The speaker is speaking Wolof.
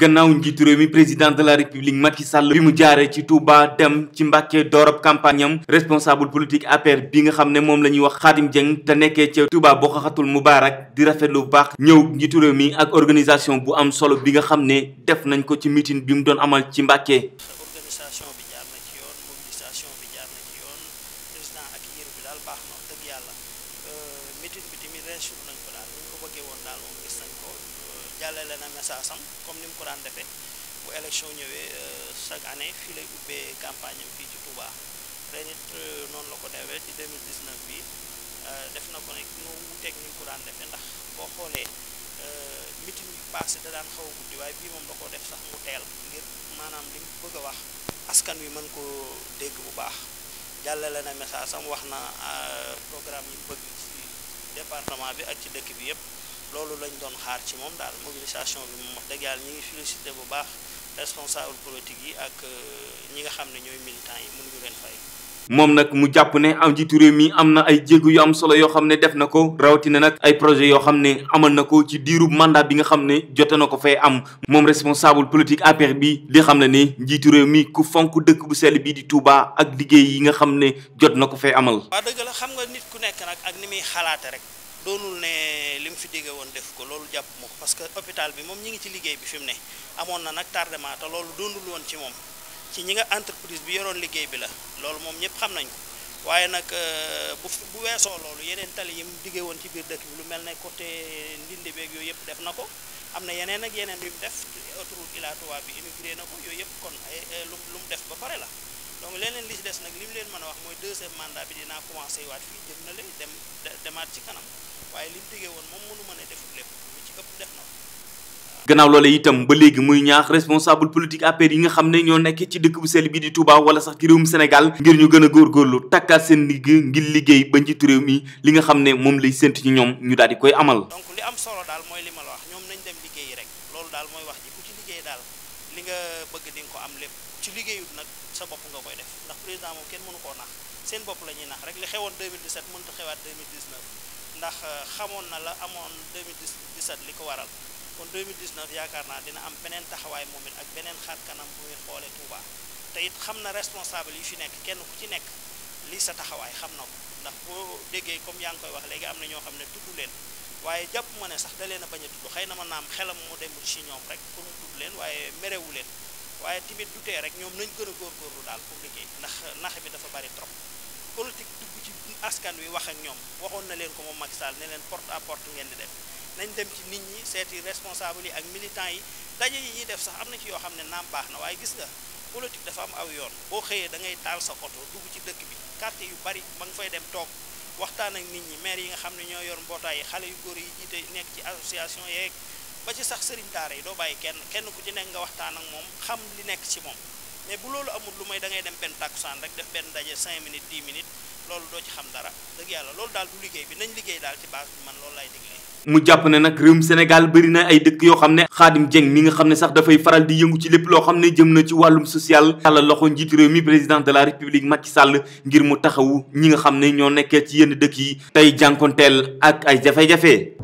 gannaaw njiitu réew mi président de la république Macky Sall bi mu jaaree ci Touba dem ci Mbàkke doorab campagne am responsable politique APR bi nga xam ne moom la ñuy wax Khadim jëng te nekkee ca Touba boo xaxatul Moubarak di rafet lu baax ñëw njiitu ak organisation bu am solo bi nga xam ne def nañ ko ci meeting bi mu doon amal ci Mbàkke temps ak yére bi daal baax na wax dëgg yàlla euh, meeting bi tamit réussir nañ ko daal ni ñu ko bëggee woon daal moom gis nañ ko euh, jàllale na message am comme ni mu ko daan defee bu élection ñëwee euh, chaque année fii lay ubbee campagne am fii ci Touba noonu la ko defee ci 2019 bi def na ko ne ñoo daan defee ndax boo xoolee meeting bi passé da daan xaw a guddi waaye bii moom da ko def sax mu teel ngir maanaam li mu bëgg a wax askan wi mën koo dégg bu baax jàllale na message sam wax na euh, programme yi bëgg ci département bi ak ci dëkk bi yëpp loolu lañ doon xaar ci moom daal mobilisation bi mu wax dëgg yàlla ñu ngi félicité bu baax responsable politique yi ak euh, ñi nga xam ne ñooy militants yi mënuñu leen fay. moom nag mu jàpp ne am njiitu réew mii am na ay jéego yoo am solo yoo xam ne def na ko rawatina nag ay projet yoo xam ne amal na ko ci diiru mandat bi nga xam ne jote na ko fay am moom responsable politique APR bi di xam ne ne njiitu mi ku fonk dëkk bu sell bi di Touba ak liggéey yi nga xam ne jot na ko fay amal. waaw dëgg la xam nga nit ku nekk nag ak ni muy xalaate rek doonul ne li mu fi diggee woon def ko loolu jàpp ma ko parce bi moom ñi ngi ci liggéey bi fi mu ne amoon na nag tardement te loolu doonul woon ci moom. ci ñi nga entreprise bi yoroon liggéey bi la loolu moom ñëpp xam nañ waaye nag euh, bu bu weesoo loolu yeneen tali yi mu diggee woon ci biir dëkk bi lu mel ne côté ndindi beeg yooyu yëpp def na ko am na yeneen ak yeneen yu def autoroute Ila Touba bi inauguré na ko yooyu yëpp kon ay lu mu def ba pare la donc leneen li ci des nag li mu leen mën a wax mooy deuxième mandat bi dinaa commencé waat fii jëm na lay dem demaat ci kanam waaye li mu diggee woon moom mënu mën a def lépp ci ëpp def na gannaaw loolee itam ba léegi muy ñaax responsable politique APR yi nga xam ne ñoo nekk ci dëkk bu sell bi di Touba wala sax ci réewum Sénégal ngir ñu gën a góorgóorlu takkaat seen ngir liggéey ba njiitu réew mi li nga xam ne moom lay sént ci ñoom ñu daal di koy amal donc li am solo daal mooy li wax ñoom nañ dem liggéey rek loolu daal mooy wax ji ci liggéey daal li nga bëgg di ko am lépp ci liggéeyut nag sa bopp nga koy def ndax président moom kenn mënu koo nax seen la ñuy nax rek li xewoon 2017 mënta xewaat 2019 ndax euh, xamoon na la amoon 2017 li ko waral kon 2019 yaakaar naa dina am beneen taxawaay moom it ak beneen xaar kanam bu muy xoolee Touba te it xam na responsable yi fi nekk kenn ku ci nekk lii sa taxawaay xam na ko ndax boo déggee comme yaa ngi koy wax léegi am na ñoo xam ne tudd leen waaye jàpp ma ne sax da leen a bañ a tudd xëy na ma naam xelam mu dem ci ñoom rek pour mu tudd leen waaye merewu leen waaye timit du rek ñoom nañ gën a góor góorgóorlu daal pour liggéey ndax nax bi dafa bari trop politique dugg ci askan wi wax ak ñoom waxoon na leen ko moom Macky Sall ne leen porte à porte ngeen di def nañ dem ci nit ñi seeti responsable yi ak militants yi daje yi ñuy def sax am na ci yoo xam ne naam baax na waaye gis nga politique dafa am aw yoon boo xëyee da ngay taal sa oto dugg ci dëkk bi quartier yu bari ma nga fay dem toog waxtaan ak nit ñi maire yi nga xam ne ñoo yor mbootaay yi xale yu góor yi jiite nekk ci association yeeg ba ci sax sëriñ daara yi doo bàyyi kenn kenn ku ci nekk nga waxtaan ak moom xam li nekk ci moom mais loolu amul lu may da ngay dem benn tàkkusaan rek def benn ndaje 5 minutes 10 minutes loolu doo ci xam dara dëgg yàlla loolu daal du liggéey bi nañ liggéey daal ci base bi man loolu lay digle. mu jàpp ne nag réewum Sénégal bëri na ay dëkk yoo xam ne Khadim Dieng mi nga xam ne sax dafay faral di yëngu ci lépp loo xam ne jëm na ci wàllum social tàllal loxo njiitu réew mi président de la république Macky Sall ngir mu taxawu ñi nga xam ne ñoo nekkee ci yenn dëkk yi tey jànkonteel ak ay jafe